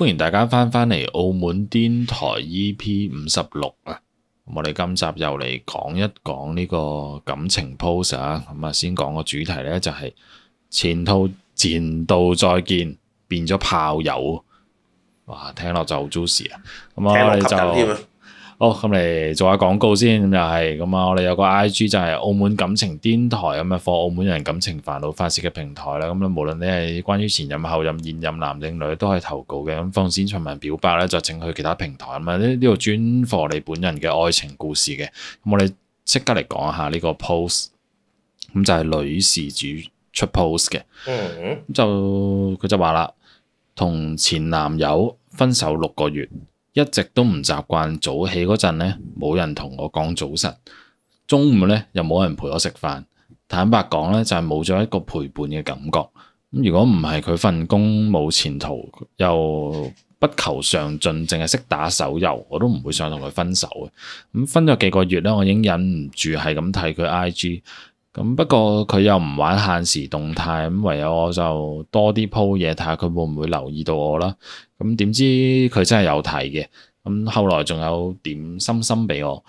歡迎大家翻返嚟澳門癲台 E.P 五十六啊！我哋今集又嚟講一講呢個感情 post，咁啊先講個主題呢，就係前度前度再見變咗炮友，哇聽落就 juicy 啊！咁啊我哋就。哦，咁嚟做下廣告先，咁又係咁啊！我哋有個 I G 就係澳門感情癲台咁嘅貨，澳門人感情煩惱發泄嘅平台啦。咁咧，無論你係關於前任、後任、現任男定女，都係投稿嘅。咁放先尋人表白咧，就請去其他平台。咁啊，呢呢度專畀你本人嘅愛情故事嘅。咁我哋即刻嚟講下呢個 post，咁就係女事主出 post 嘅。嗯，嗯，就佢就話啦，同前男友分手六個月。一直都唔習慣早起嗰陣呢，冇人同我講早晨。中午呢，又冇人陪我食飯。坦白講呢，就係冇咗一個陪伴嘅感覺。如果唔係佢份工冇前途，又不求上進，淨係識打手遊，我都唔會想同佢分手嘅。咁分咗幾個月呢，我已經忍唔住係咁睇佢 IG。咁不過佢又唔玩限時動態，咁唯有我就多啲鋪嘢，睇下佢會唔會留意到我啦。咁點知佢真係有睇嘅，咁後來仲有點心心俾我。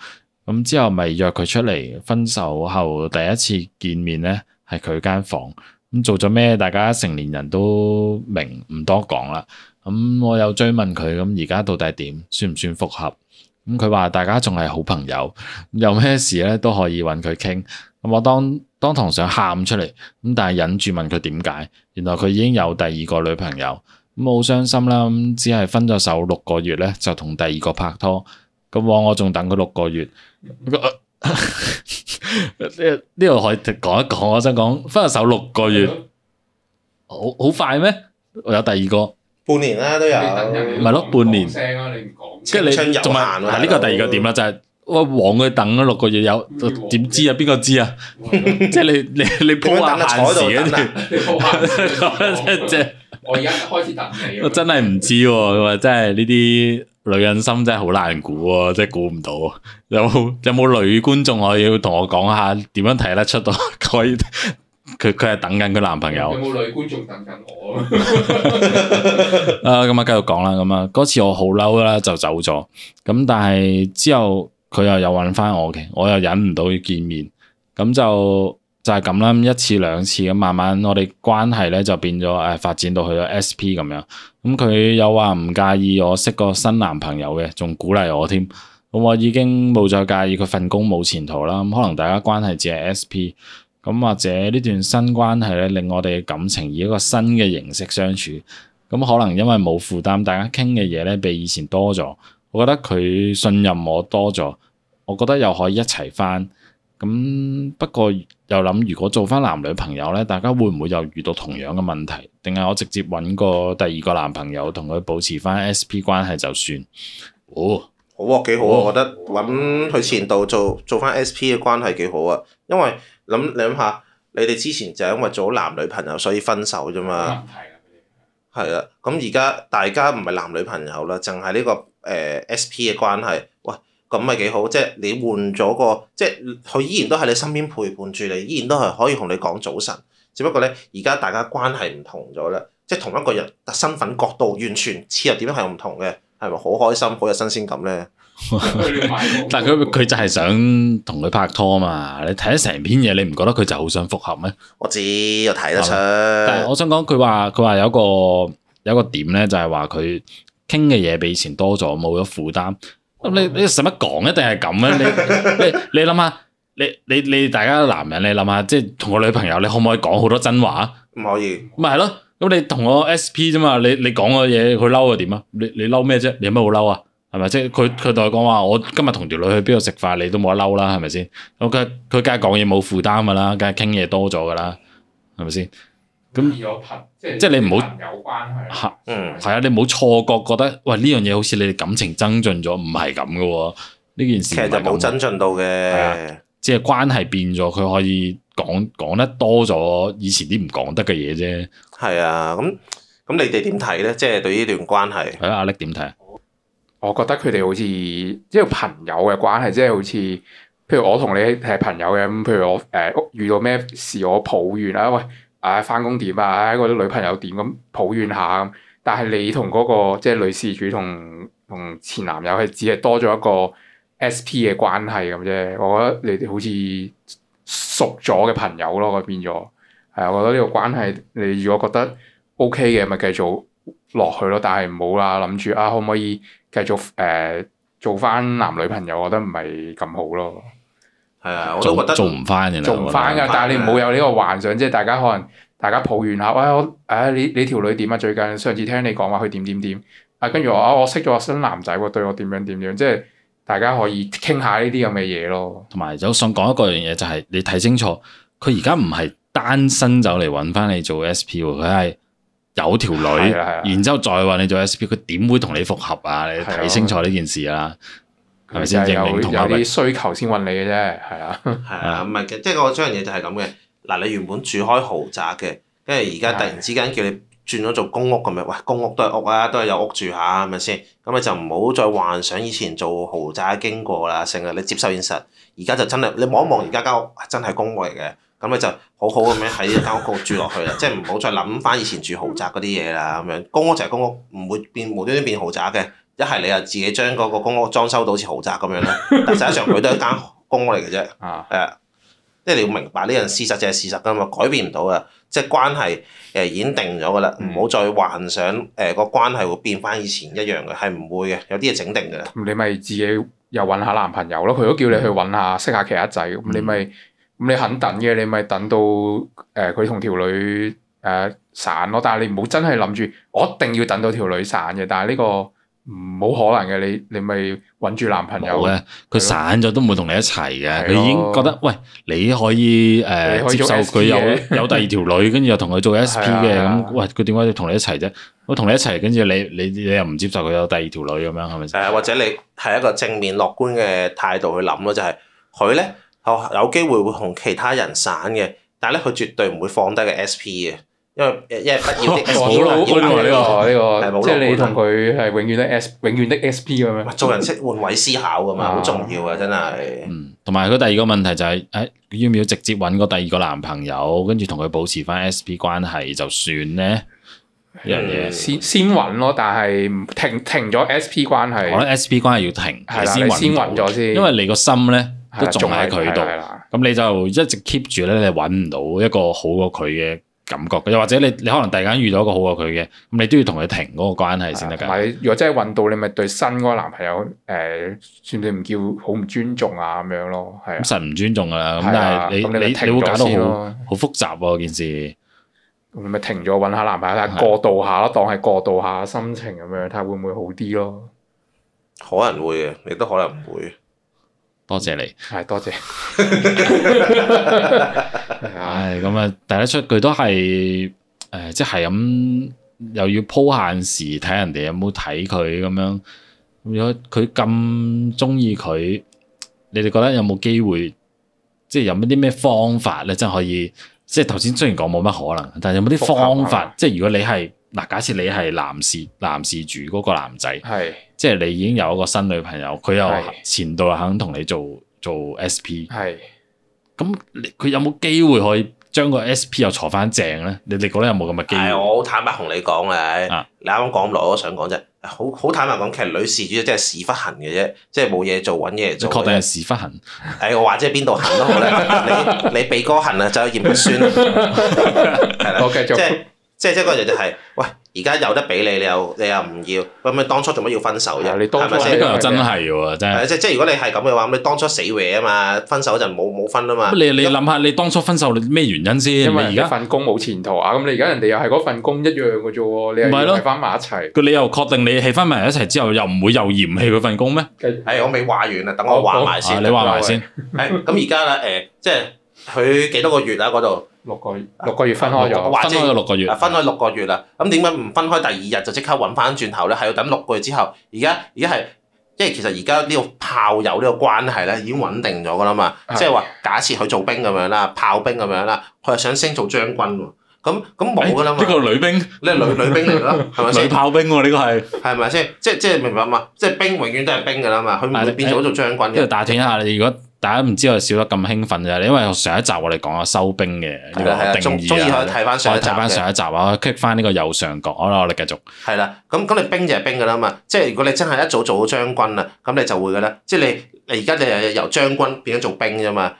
咁之後咪約佢出嚟分手後第一次見面咧，係佢間房。咁做咗咩？大家成年人都明，唔多講啦。咁我又追問佢，咁而家到底點？算唔算復合？咁佢話大家仲係好朋友，有咩事咧都可以揾佢傾。咁我當當堂想喊出嚟，咁但係忍住問佢點解？原來佢已經有第二個女朋友，咁好傷心啦。咁只係分咗手六個月咧，就同第二個拍拖。咁枉我仲等佢六個月。呢度、嗯、 可以講一講，我想講分咗手六個月，嗯、好好快咩？我有第二個，半年啦都有，唔係咯，半年。即係你、啊，仲係呢個第二個點啦，嗯、就係、是。我望佢等咗六個月，有點知，知他 啊？邊個知啊？即係你你你鋪下限時，即係我而家開始等。我真係唔知喎，真係呢啲女人心真係好難估喎、啊，真係估唔到、啊 有。有有冇女觀眾可以同我講下點樣睇得出到可佢佢係等緊佢男朋友？有冇女觀眾等緊我啊？咁 啊，繼續講啦。咁啊，嗰次我好嬲啦，就走咗。咁但係之後。佢又有揾翻我嘅，我又忍唔到要見面，咁就就係咁啦。一次兩次咁，慢慢我哋關係咧就變咗誒、哎、發展到去咗 S.P. 咁樣。咁佢有話唔介意我識個新男朋友嘅，仲鼓勵我添。咁我已經冇再介意佢份工冇前途啦。咁可能大家關係只係 S.P. 咁或者呢段新關係咧，令我哋嘅感情以一個新嘅形式相處。咁可能因為冇負擔，大家傾嘅嘢咧比以前多咗。我覺得佢信任我多咗，我覺得又可以一齊翻。咁不過又諗，如果做翻男女朋友呢，大家會唔會又遇到同樣嘅問題？定係我直接揾個第二個男朋友同佢保持翻 S P 關係就算？哦，好啊，幾好啊！哦、我覺得揾佢前度做做翻 S P 嘅關係幾好啊，因為諗你諗下，你哋之前就係因為做咗男女朋友所以分手啫嘛。係啦，咁而家大家唔係男女朋友啦，淨係呢個誒、呃、S P 嘅關係，喂，咁咪幾好？即係你換咗個，即係佢依然都喺你身邊陪伴住你，依然都係可以同你講早晨。只不過咧，而家大家關係唔同咗啦，即係同一個人，身份角度完全切入點樣係唔同嘅，係咪好開心，好有新鮮感咧？ 但佢佢就係想同佢拍拖啊嘛！你睇咗成篇嘢，你唔覺得佢就好想復合咩？我知，又睇得出。嗯、但係我想講，佢話佢話有一個有一個點咧，就係話佢傾嘅嘢比以前多咗，冇咗負擔。咁、嗯、你你使乜講一定係咁咩？你你諗下，你你你，你，諗下你，你，你大家男人，你諗下，即係同個女朋友，你可唔可以講好多真話？唔可以。咪係咯，咁你同我 S P 啫嘛？你你講嘅嘢佢嬲啊點啊？你你嬲咩啫？你有咩好嬲啊？係咪即係佢佢同我講話我今日同條女去邊度食飯你都冇得嬲啦，嗯、係咪先？OK，佢梗係講嘢冇負擔噶啦，梗係傾嘢多咗噶啦，係咪先？咁即係你唔好，係啊，係啊，你唔好錯覺覺得喂，呢樣嘢好似你哋感情增進咗，唔係咁噶喎。呢件事其實冇增進到嘅，即係關係變咗，佢可以講講得多咗以前啲唔講得嘅嘢啫。係啊，咁咁你哋點睇咧？即係對呢段關係，啊，阿力點睇？我覺得佢哋好似一個朋友嘅關係，即係好似譬如我同你係朋友嘅咁，譬如我誒、呃、遇到咩事，我抱怨啊，喂、呃，啊翻工點啊，啊我啲女朋友點咁抱怨下，但係你同嗰、嗰個即係女事主同同前男友係只係多咗一個 S.P 嘅關係咁啫，我覺得你哋好似熟咗嘅朋友咯，變咗係啊，我覺得呢個關係，你如果覺得 O.K. 嘅，咪繼續落去咯，但係唔好啦，諗住啊，可唔可以？繼續誒、呃、做翻男女朋友，我覺得唔係咁好咯。係啊，做唔翻嘅，做但係你冇有呢個幻想，即係大家可能大家抱怨下，喂、哎、我，唉、哎、你你條女點啊？最近上次聽你講話佢點點點，啊跟住、哎、我我識咗新男仔喎，對我點樣點樣，即係大家可以傾下呢啲咁嘅嘢咯。同埋有我想講一個樣嘢、就係，就係你睇清楚，佢而家唔係單身走嚟揾翻你做 S P 佢係。有條女，的然之後再話你做 SP, S P，佢點會同你復合啊？你睇清楚呢件事啊，係咪先？證明有啲需求先揾你嘅啫，係啊，係啊的，唔係 即係我將樣嘢就係咁嘅。嗱，你原本住開豪宅嘅，跟住而家突然之間叫你轉咗做公屋咁樣，喂、哎，公屋都係屋啊，都係有屋住下、啊，係咪先？咁你就唔好再幻想以前做豪宅經過啦，成日你接受現實，而家就真係你望一望而家間屋，真係公屋嚟嘅。咁咧就好好咁樣喺間屋度住落去啦，即係唔好再諗翻以前住豪宅嗰啲嘢啦，咁樣公屋就係公屋，唔會變無端端變豪宅嘅。一係你啊自己將嗰個公屋裝修到似豪宅咁樣啦，但實際上佢都係間公屋嚟嘅啫。啊、 呃，啊，即係你要明白呢樣事實就係事實㗎嘛，改變唔到㗎。即係關係誒已經定咗㗎啦，唔好再幻想誒、呃嗰個關係會變翻以前一樣嘅，係唔會嘅。有啲嘢整定㗎啦，你咪自己又揾下男朋友咯，佢都叫你去揾下，識下其他仔咁，嗯、你咪。咁你肯等嘅，你咪等到誒佢同條女誒、呃、散咯。但係你唔好真係諗住，我一定要等到條女散嘅。但係呢個唔冇可能嘅。你你咪揾住男朋友。冇佢、啊、散咗都唔會同你一齊嘅。佢了已經覺得喂，你可以誒、呃、接受佢有、啊、有第二條女，跟住又同佢做 SP s p 嘅咁。喂，佢點解要同你一齊啫？我同你一齊，跟住你你你又唔接受佢有第二條女咁樣係咪先？誒誒或者你係一個正面樂觀嘅態度去諗咯，就係佢咧。有機會會同其他人散嘅，但係咧佢絕對唔會放低個 S P 嘅，因為一係畢業好難要，係咪？即係你同佢係永遠的 S，永遠的 S P 咁樣。做人識換位思考㗎嘛，好重要啊！真係。嗯，同埋佢第二個問題就係誒，要唔要直接揾個第二個男朋友，跟住同佢保持翻 S P 關係就算咧？一樣嘢，先先揾咯，但係停停咗 S P 關係。我覺得 S P 關係要停係先揾咗先，因為你個心咧，都仲喺佢度，咁的你就一直 keep 住咧，你揾唔到一個好過佢嘅感覺，又或者你你可能突然間遇到一個好過佢嘅，咁你都要同佢停嗰個關係先得噶。如果真係揾到，你咪對新嗰個男朋友誒、呃，算你唔叫好唔尊重啊？咁樣咯，係實唔尊重噶啦。咁的但係你的你你會搞到好好複雜、啊、件事。咪停咗，揾下男朋友，睇下的過渡下咯，當係過渡下心情咁樣，睇下會唔會好啲咯。可能，可能會，亦都可能唔會。多謝你，係多謝。唉，咁啊，第一出佢都係，誒、呃，即係咁，又要鋪限時睇人哋有冇睇佢咁樣。如果佢咁中意佢，你哋覺得有冇機會？即係有冇啲咩方法咧，真係可以？即係頭先雖然講冇乜可能，但係有冇啲方法？即係如果你係。嗱，假設你係男士，男事主嗰個男仔，係是即係你已經有一個新女朋友，佢又前度肯同你做做 SP，係咁是，佢有冇機會可以將個 SP 又坐返正咧？你你覺得有冇咁嘅機會？係、哎、我好坦白同你講嘅，啊，你啱啱講唔落，我想講陣，好好坦白講，其實女事主即係屎忽痕嘅啫，即係冇嘢做揾嘢做，做確定係屎忽痕。誒、哎，我話即係邊度痕都好咧？ 你你鼻哥痕啊，就去鹽焗酸，係啦，即係。即係即係嗰就係，喂！而家有得俾你，你又你又唔要，咁你當初做乜要分手啫？係咪先？呢個又真係喎，真係。即係即係，如果你係咁嘅話，咁你當初死違啊嘛，分手嗰陣冇冇分啊嘛。你你諗下，你當初分手咩原因先？因為而家份工冇前途啊！咁你而家人哋又係嗰份工一樣嘅啫喎，你又捱翻埋一齊。佢你又確定你係翻埋一齊之後，又唔會又嫌棄嗰份工咩？係我未話完啊，等我話埋先。你話埋先。係咁而家啦，誒，即係佢幾多個月啊？嗰度？六個月，六個月分開咗，啊、或者分開咗六個月。啊、嗯，分開六個月啦，咁點解唔分開第二日就即刻揾翻轉頭咧？係要等六個月之後。而家而家係，即係其實而家呢個炮友呢個關係咧已經穩定咗㗎啦嘛。即係話假設佢做兵咁樣啦，炮兵咁樣啦，佢係想升做將軍喎。咁咁冇㗎啦嘛。呢、哎呢個女兵，呢女女兵嚟㗎咯，係咪先？女炮兵喎、啊，呢個係。係咪先？即即係明白嘛？即係兵永遠都係兵㗎啦嘛，佢唔會變咗做將軍。要是打斷一下你如果。大家唔知我哋笑得咁興奮啫，因為上一集我哋講啊收兵嘅呢個定義、啊、可以睇翻上一集啊，棘翻呢個右上角，好啦，我哋繼續。係啦，咁咁你兵就係兵噶啦嘛，即係如果你真係一早做咗將軍啦，咁你就會噶啦，即係你你而家就係由將軍變咗做兵啫嘛。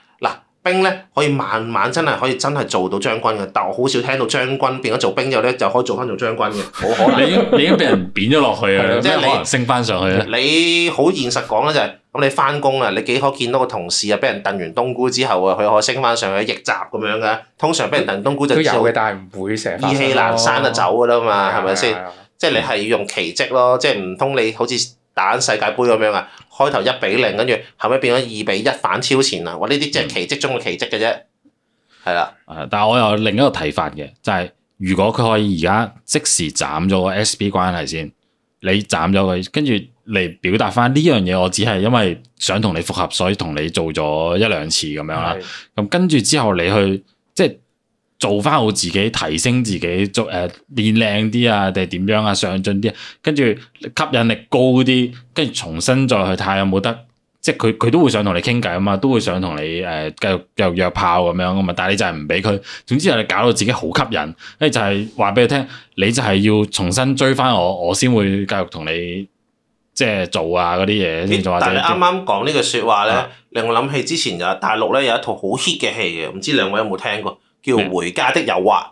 兵咧可以慢慢真係可以真係做到將軍嘅，但我好少聽到將軍變咗做兵之後咧就可以做翻做將軍嘅，冇可能。你你而家被人扁咗落去啊，即係可能升翻上去啊。你好現實講咧就係、是，咁你翻工啊，你幾可見到個同事啊，俾人燉完冬菇之後啊，佢可以升翻上去逆襲咁樣嘅。通常俾人燉冬菇就做。有嘅，但係唔會成日。意氣闌珊就走㗎啦嘛，係咪先？即係你係要用奇蹟咯，即係唔通你好似。打緊世界盃咁樣啊，開頭一比零，跟住後尾變咗二比一反超前啊！哇，呢啲即係奇蹟中嘅奇蹟嘅啫，係啦。但係我又另一個睇法嘅，就係如果佢可以而家即時斬咗個 SB 關係先，你斬咗佢，跟住嚟表達翻呢樣嘢，我只係因為想同你復合，所以同你做咗一兩次咁樣啦。咁跟住之後你去即係。做翻好自己，提升自己，做誒變靚啲啊，定係點樣啊，上進啲、啊，跟住吸引力高啲，跟住重新再去睇下有冇得，即係佢佢都會想同你傾偈啊嘛，都會想同你誒、呃、繼續繼續約炮咁樣啊嘛，但係你就係唔俾佢，總之係你搞到自己好吸引，誒就係話俾佢聽，你就係要重新追翻我，我先會繼續同你即係做啊嗰啲嘢。或者但係你啱啱講呢句説話咧，令我諗起之前就係大陸咧有一套好 hit 嘅戲嘅，唔知兩位有冇聽過？嗯叫回家的誘惑，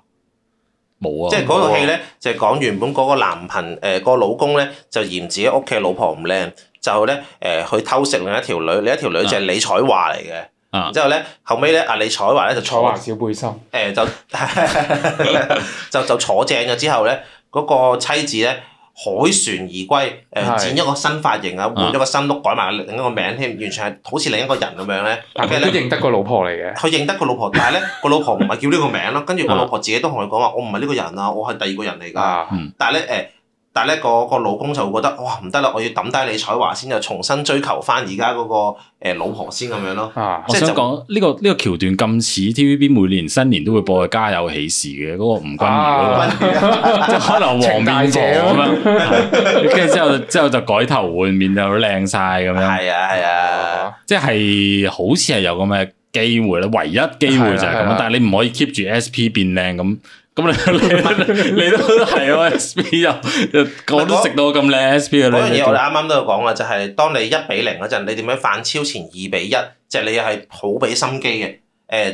冇啊！即係嗰套戲咧，啊、就係講原本嗰個男朋誒、呃個老公咧，就嫌自己屋企老婆唔靚，就咧誒、呃、去偷食另一條女，啊、另一條女就係李彩華嚟嘅，啊、然之後咧後尾咧阿李彩華咧就坐橫小背心，誒、呃、就 就就坐正咗之後咧，嗰、個妻子咧。凱旋而歸，誒、呃、剪一個新髮型啊，換咗個新屋，改埋另一個名添，完全係好似另一個人咁樣咧。佢認得個老婆嚟嘅，佢認得個老婆，但係咧個老婆唔係叫呢個名咯。跟住個老婆自己都同佢講話：我唔係呢個人啊，我係第二個人嚟㗎。啊嗯、但係咧誒。呃但係咧，那個個老公就會覺得哇，唔得啦，oh, 我要抌低李彩華先，就重新追求翻而家嗰個誒老婆先咁樣咯。即、啊、我想講呢、這個呢、這個橋段咁似 TVB 每年新年都會播嘅《家有喜事》嘅嗰個吳君如， 就可能黃面婆咁樣，跟住之後之後，後就改頭換面就好靚晒咁樣。係啊係啊，即係、啊、好似係有咁嘅機會啦，唯一機會就係咁樣，啊、但係你唔可以 keep 住 SP 變靚咁。咁你你你都係喎，S P 啊，我都食到咁靚 S P 啊！嗰樣嘢我哋啱啱都有講啦，就係當你一比零嗰陣，你點樣反超前二比一？即係你又係好俾心機嘅，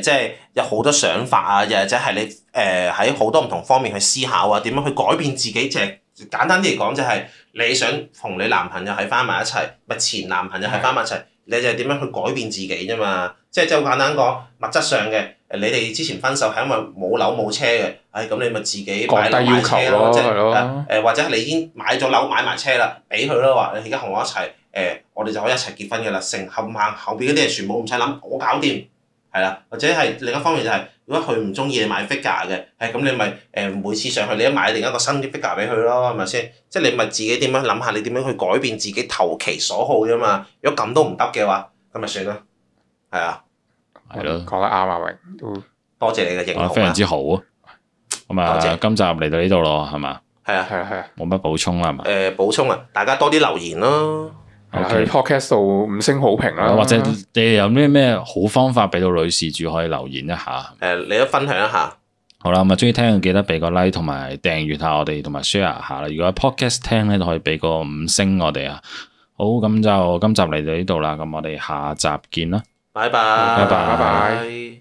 誒，即係有好多想法啊，又或者係你誒喺好多唔同方面去思考啊，點樣去改變自己？即係簡單啲嚟講，就係你想同你男朋友喺翻埋一齊，咪前男朋友喺翻埋一齊，是的 你就係點樣去改變自己啫嘛？即係即係簡單講，物質上嘅。你哋之前分手係因為冇樓冇車嘅，誒、哎、咁你咪自己降低要求咯，即係誒或者你已經買咗樓買埋車啦，俾佢啦話，你而家同我一齊，誒、哎、我哋就可以一齊結婚嘅啦，成後面後面嗰啲嘢全部唔使諗，我搞掂，係啦，或者係另一方面就係、是，如果佢唔中意你買 figure 嘅，係咁你咪誒每次上去你都買另一個新啲 figure 俾佢咯，係咪先？即係、就是、你咪自己點樣諗下，你點樣去改變自己投其所好啫嘛？如果咁都唔得嘅話，咁咪算啦，係啊。係咯，講得啱啊，榮，嗯，多謝你嘅認同，非常之好啊，咁啊，謝今集嚟到呢度咯，係嘛？係啊，係啊，係啊，冇乜補充啦，係嘛？誒，補充啊，大家多啲留言咯，喺 podcast 度五星好評啊，或者你有咩咩好方法俾到女事主可以留言一下，誒、啊，你都分享一下，好啦，咁啊，中意聽記得俾個 like 同埋訂閱下我哋，同埋 share 下啦，如果 podcast 聽咧，就可以俾個五星我哋啊，好，咁就今集嚟到呢度啦，咁我哋下集見啦。拜拜，拜拜。